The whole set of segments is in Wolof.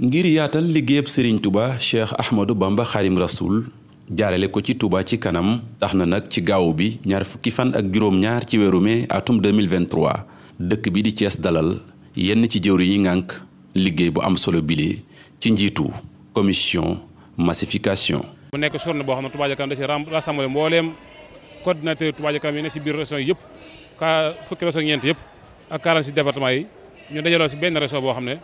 ngir yaatal liggéeyab Serigne Touba Cheikh Ahmadou Bamba Xarim Rasoul jaarale ko ci Touba ci kanam tax na nag ci gaaw bi ñaar fukki fan ak juróom-ñaar ci weeru mai atum 2023 dëkk bi di Cees dalal yenn ci jëwri yi ngànk liggéey bu am solo bile ci njiitu commission massification. mu nekk journée boo xam ne Touba ca kanam da si rassemblé mbooleem coordinateur Touba kanam yi ne si biir région yëpp ka fukki région ñeent yëpp ak 46 département yi. ñu dajaloo si benn réseau boo xam ne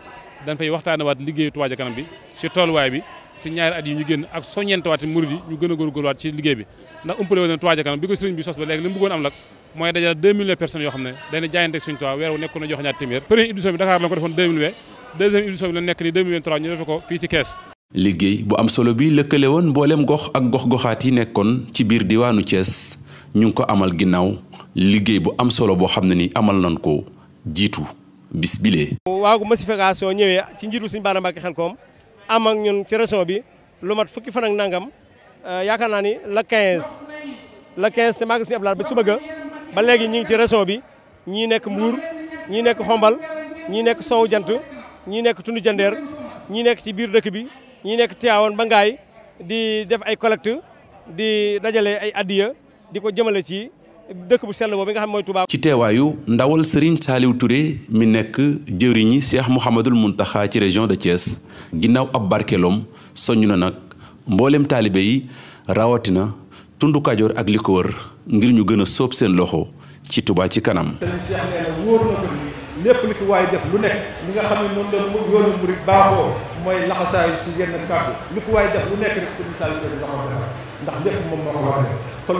dañ fay waxtaanewaat liggéeyu Touba ca kanam bi tool waay bi si ñaari at yi ñu génn ak soññeentewaat murid yi ñu gën a góorgóorluwaat ci liggéey bi ndax umpale woon Touba ca kanam bi ko sëriñ bi sos ba léegi li mu am nag mooy dajal 2000 yoo xam ne dana jaayante ak suñu Touba weer wu nekk na jox ñaar téeméer première édition nekk ni 2023 ñu defe ko fii si Kees liggéey bu am solo bi lëkkale woon mbooleem gox ak gox-goxaat yi nekkoon ci biir diwaanu Thiès ñu ngi ko amal ginnaaw liggéey bu am solo boo xam ne ni amal nañ ko jiitu bis bilee waagu massification ñëwee ci njiitu suñu Bara Mbacké Xelcom am ak ñun ci région bi lu mat fukki fan ak nangam euh, yaakaar naa ni la 15 la 15 te maagi suñu ablaat ba suba ga ba léegi ñu ngi ci région bi ñii nekk Mbuur ñii nekk Xombal ñii nekk Sow jant ñii nekk Tundu Jandeer ñii nekk ci biir dëkk bi ñii nekk Tiwaawan ba Ngaay di def ay collecte di dajale ay addiya di ko jëmale ci dëkk bu sell boobu nga xam mooy Touba. ci teewaayu ndawal sëriñ Saliou Touré mi nekk jëwriñi Cheikh Mouhamadul Mountakha ci région de Thiès ginnaaw ab barkeloom soññ na nag mboolem taalibe yi rawatina tundu ak li ko wër ngir ñu gën a sóob seen loxo ci tubaa ci kanam. Serigne Cheikh nee wóor na ko ni lépp li fi waay def lu nekk li nga xam ne noonu la yoonu murid baaxoo mooy laxasaayu si yenn kàddu lu fi waay def lu nekk rek Serigne Saliou kon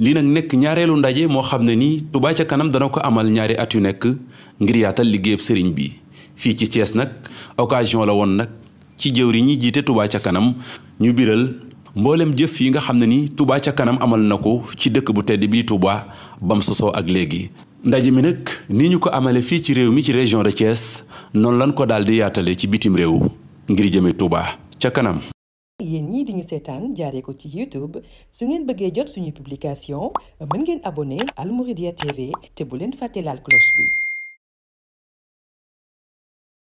li nag nekk ñaareelu ndaje moo xam ne nii Touba ca kanam dana ko amal ñaari at yu nekk ngir yaatal liggéeyab sëriñ bi fii ci cees nag occasion la woon nag ci jëwriñ ñi jiite Touba ca kanam ñu biral mboolem jëf yi nga xam ne ni Touba ca kanam amal na ko ci dëkk bu tedd bii Touba bam sosoo ak léegi. ndaje mi nag ni ñu ko amale fii ci réew mi ci région de Thiès noonu lañ ko daal di yaatale ci bitim réew ngir jëme Touba ca kanam. yéen ñii di ñu seetaan jaaree ko ci YouTube su ngeen bëggee jot suñu publication mën ngeen abone Al Mouridiyyah TV te bu leen fàtte laal cloche bi.